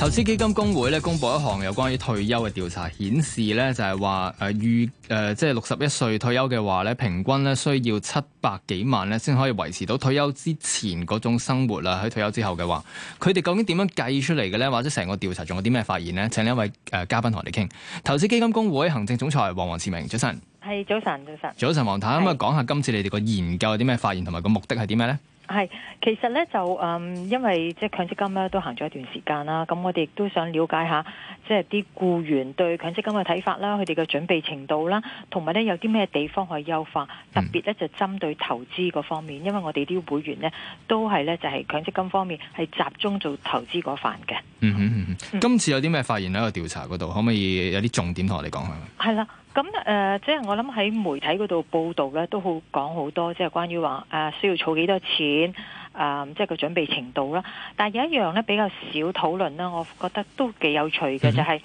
投資基金公會咧公布一項有關於退休嘅調查，顯示咧就係話誒預誒即係六十一歲退休嘅話咧，平均咧需要七百幾萬咧先可以維持到退休之前嗰種生活啊。喺退休之後嘅話，佢哋究竟點樣計出嚟嘅咧？或者成個調查仲有啲咩發現咧？請一位誒、呃、嘉賓同我哋傾。投資基金公會行政總裁黃王慈明早晨，係早晨早晨，早晨黃太咁啊，講下今次你哋個研究有啲咩發現，同埋個目的係點咩咧？係，其實咧就，誒、嗯，因為即係強積金咧都行咗一段時間啦，咁我哋亦都想了解下，即係啲僱員對強積金嘅睇法啦，佢哋嘅準備程度啦，同埋咧有啲咩地方可以優化，特別咧就針對投資嗰方面，因為我哋啲會員咧都係咧就係強積金方面係集中做投資嗰範嘅。嗯嗯嗯，今次有啲咩發現喺個調查嗰度，可唔可以有啲重點同我哋講下？係啦。咁誒，即、呃、係、就是、我諗喺媒體嗰度報道咧，都好講好多，即、就、係、是、關於話、呃、需要儲幾多錢，誒即係個準備程度啦。但係有一樣咧比較少討論啦，我覺得都幾有趣嘅，就係、是、誒、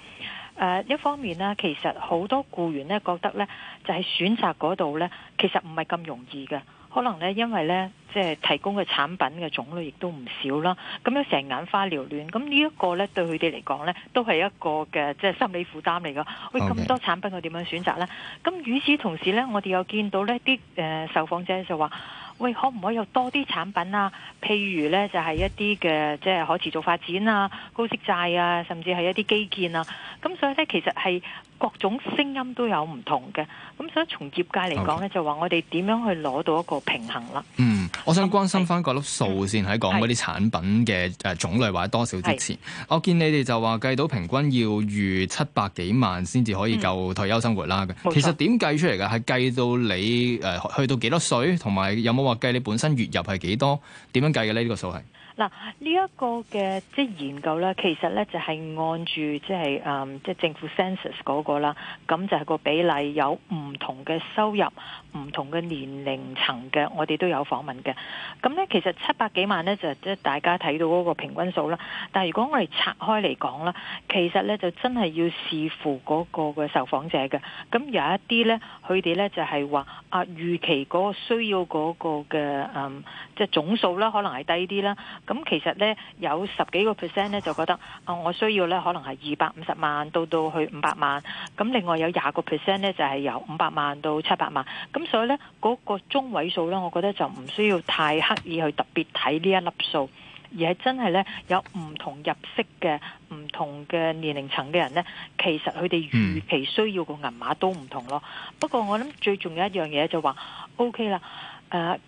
呃、一方面咧，其實好多僱員咧覺得咧，就係、是、選擇嗰度咧，其實唔係咁容易嘅。可能咧，因為咧，即係提供嘅產品嘅種類亦都唔少啦，咁樣成眼花撩亂，咁呢一個咧對佢哋嚟講咧，都係一個嘅即係心理負擔嚟噶。喂，咁多產品佢點樣選擇咧？咁、okay. 與此同時咧，我哋又見到呢啲誒受訪者就話：喂，可唔可以有多啲產品啊？譬如咧，就係一啲嘅即係可持續發展啊、高息債啊，甚至係一啲基建啊。咁所以咧，其實係。各種聲音都有唔同嘅，咁所以從業界嚟講咧，okay. 就話我哋點樣去攞到一個平衡啦。嗯，我想關心翻嗰粒數先，喺講嗰啲產品嘅誒、嗯呃、種類或者多少之前，嗯、我見你哋就話計到平均要預七百幾萬先至可以夠退休生活啦、嗯。其實點計出嚟嘅？係、嗯、計到你誒、呃、去到幾多歲，同埋有冇話計你本身月入係幾多？點樣計嘅呢？呢、呢個數係。嗱，呢一個嘅即係研究咧，其實咧就係按住即係誒，即係政府 census 嗰、那個啦，咁就係個比例有唔同嘅收入、唔同嘅年齡層嘅，我哋都有訪問嘅。咁咧，其實七百幾萬咧就即係大家睇到嗰個平均數啦。但係如果我哋拆開嚟講啦，其實咧就真係要視乎嗰個嘅受訪者嘅。咁有一啲咧，佢哋咧就係話啊，預期嗰個需要嗰、那個嘅誒，即係總數啦，就是、可能係低啲啦。咁其實咧，有十幾個 percent 咧就覺得啊、呃，我需要咧可能係二百五十萬到到去五百萬。咁另外有廿個 percent 咧就係、是、由五百萬到七百萬。咁所以咧嗰、那個中位數咧，我覺得就唔需要太刻意去特別睇呢一粒數，而係真係咧有唔同入息嘅唔同嘅年齡層嘅人咧，其實佢哋預期需要個銀碼都唔同咯。不過我諗最重要一樣嘢就話 OK 啦。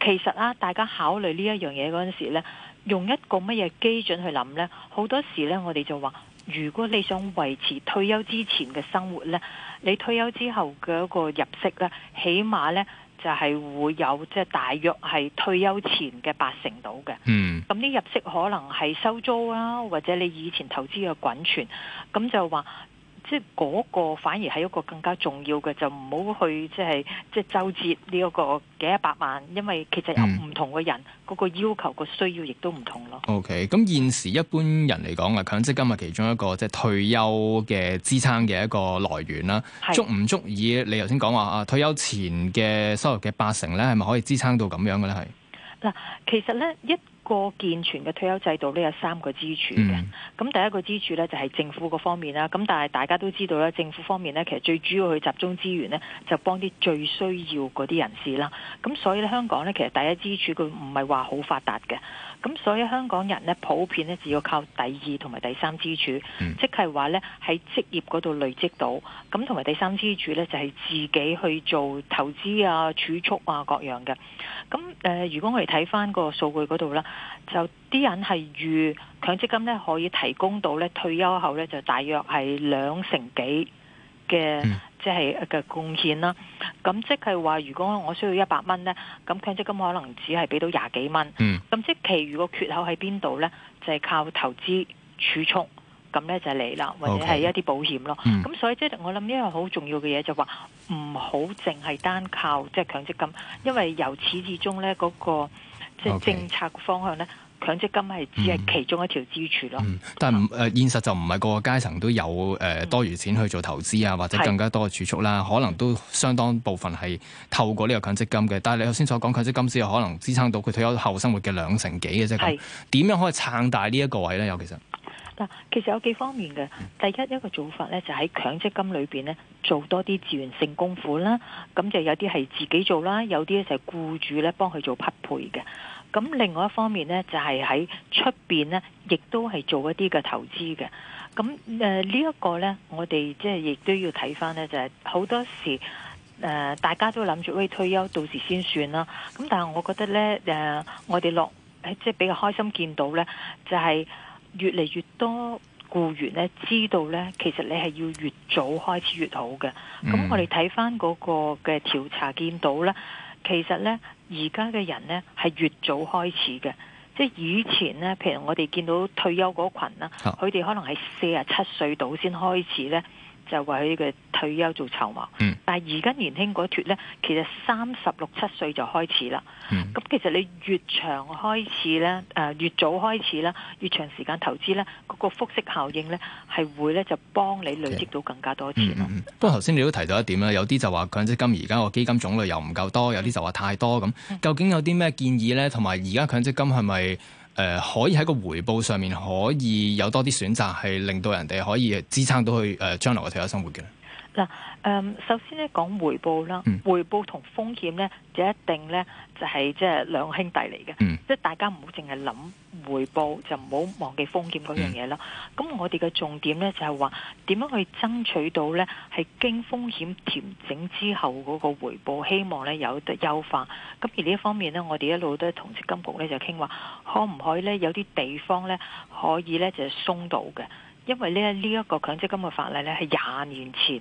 其實啊，大家考慮呢一樣嘢嗰陣時咧，用一個乜嘢基準去諗呢？好多時呢，我哋就話，如果你想維持退休之前嘅生活呢，你退休之後嘅一個入息呢，起碼呢就係會有即係大約係退休前嘅八成到嘅。嗯，咁啲入息可能係收租啊，或者你以前投資嘅滾存，咁就話。即係嗰、嗰個反而係一個更加重要嘅，就唔好去即係即係糾結呢一個幾一百萬，因為其實有唔同嘅人嗰、嗯嗰個要求、個需要亦都唔同咯。OK，咁現時一般人嚟講啊，強積金係其中一個即係退休嘅支撐嘅一個來源啦，足唔足以？你頭先講話啊，退休前嘅收入嘅八成咧，係咪可以支撐到咁樣嘅咧？係嗱，其實咧一。個健全嘅退休制度咧有三個支柱嘅，咁第一個支柱呢，就係政府嗰方面啦。咁但係大家都知道啦，政府方面呢，其實最主要去集中資源呢，就幫啲最需要嗰啲人士啦。咁所以咧，香港呢，其實第一支柱佢唔係話好發達嘅。咁所以香港人呢，普遍呢，只要靠第二同埋第三支柱，即係話呢，喺職業嗰度累積到，咁同埋第三支柱呢，就係自己去做投資啊、儲蓄啊各樣嘅。咁誒，如果我哋睇返個數據嗰度啦。就啲人係預強積金咧，可以提供到咧退休後咧，就大約係兩成幾嘅即係嘅貢獻啦。咁即係話如果我需要一百蚊咧，咁強積金可能只係俾到廿幾蚊。咁即係其餘個缺口喺邊度咧？就係、是、靠投資儲蓄。咁咧就嚟，okay. 啦，或者係一啲保險咯。咁所以即係我諗呢樣好重要嘅嘢，就話唔好淨係單靠即係強積金，因為由始至終咧嗰個。即係政策方向咧，強積金係只係其中一條支柱咯、嗯嗯。但係誒、呃、現實就唔係個個階層都有誒、呃、多餘錢去做投資啊、嗯，或者更加多嘅儲蓄啦。可能都相當部分係透過呢個強積金嘅，但係你頭先所講強積金先有可能支撐到佢退休後生活嘅兩成幾嘅啫。咁樣，點樣可以撐大呢一個位咧？有其實？其實有幾方面嘅。第一一個做法咧，就喺、是、強積金裏邊咧做多啲自願性供款啦。咁就有啲係自己做啦，有啲就係僱主咧幫佢做匹配嘅。咁另外一方面咧，就係喺出邊咧，亦都係做一啲嘅投資嘅。咁誒、呃這個、呢一個咧，我哋即係亦都要睇翻咧，就係、是、好多時誒、呃、大家都諗住喂，退休到時先算啦。咁但係我覺得咧誒、呃，我哋落即係、就是、比較開心見到咧，就係、是。越嚟越多僱員咧知道咧，其實你係要越早開始越好嘅。咁我哋睇翻嗰個嘅調查見到咧，其實咧而家嘅人咧係越早開始嘅。即係以前咧，譬如我哋見到退休嗰群啦，佢哋可能係四十七歲度先開始咧。就為佢退休做籌謀、嗯，但係而家年輕嗰脫咧，其實三十六七歲就開始啦。咁、嗯、其實你越長開始咧，誒、呃、越早開始啦，越長時間投資咧，嗰、那個複息效應咧係會咧就幫你累積到更加多錢咯。不過頭先你都提到一點啦，有啲就話強積金而家個基金種類又唔夠多，有啲就話太多咁。究竟有啲咩建議咧？同埋而家強積金係咪？誒、呃、可以喺個回報上面可以有多啲選擇，係令到人哋可以支撐到佢誒將來嘅退休生活嘅。首先咧講回報啦，回報同風險咧就一定咧就係即係兩兄弟嚟嘅，即、嗯、係大家唔好淨係諗回報，就唔好忘記風險嗰樣嘢啦。咁我哋嘅重點咧就係話點樣去爭取到咧係經風險調整之後嗰個回報，希望咧有得優化。咁而呢一方面呢，我哋一路都係同積金局咧就傾話，可唔可以咧有啲地方咧可以咧就鬆到嘅，因為呢一個強積金嘅法例咧係廿年前。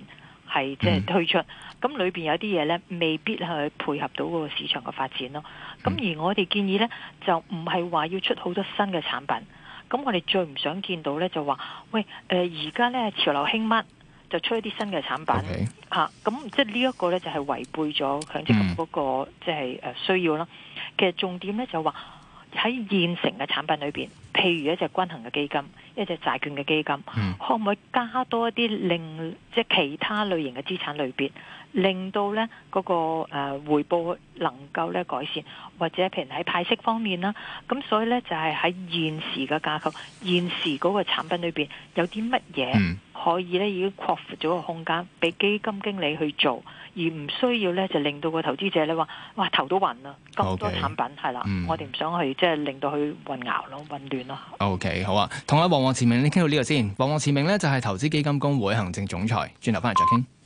係即係推出，咁裏邊有啲嘢呢，未必係配合到嗰個市場嘅發展咯。咁、嗯、而我哋建議呢，就唔係話要出好多新嘅產品。咁我哋最唔想見到呢，就話喂，而、呃、家呢，潮流興乜，就出一啲新嘅產品嚇。咁、okay，啊、即係呢一個呢，就係、是、違背咗強積金嗰個即係誒需要啦、嗯。其實重點呢，就話喺現成嘅產品裏邊，譬如一隻均衡嘅基金。一隻債券嘅基金，可唔可以加多一啲令即係其他類型嘅資產類別，令到咧嗰個誒回報能夠咧改善，或者譬如喺派息方面啦，咁所以咧就係喺現時嘅架構，現時嗰個產品裏邊有啲乜嘢？可以咧，已經擴闊咗個空間，俾基金經理去做，而唔需要咧，就令到個投資者咧話，哇，頭都暈啦，咁多產品係啦，okay. mm。我哋唔想去即係令到佢混淆咯、混亂咯。OK，好啊，同阿黃王慈明你傾到呢個先，黃王慈明咧就係投資基金公會行政總裁，轉頭翻嚟再傾。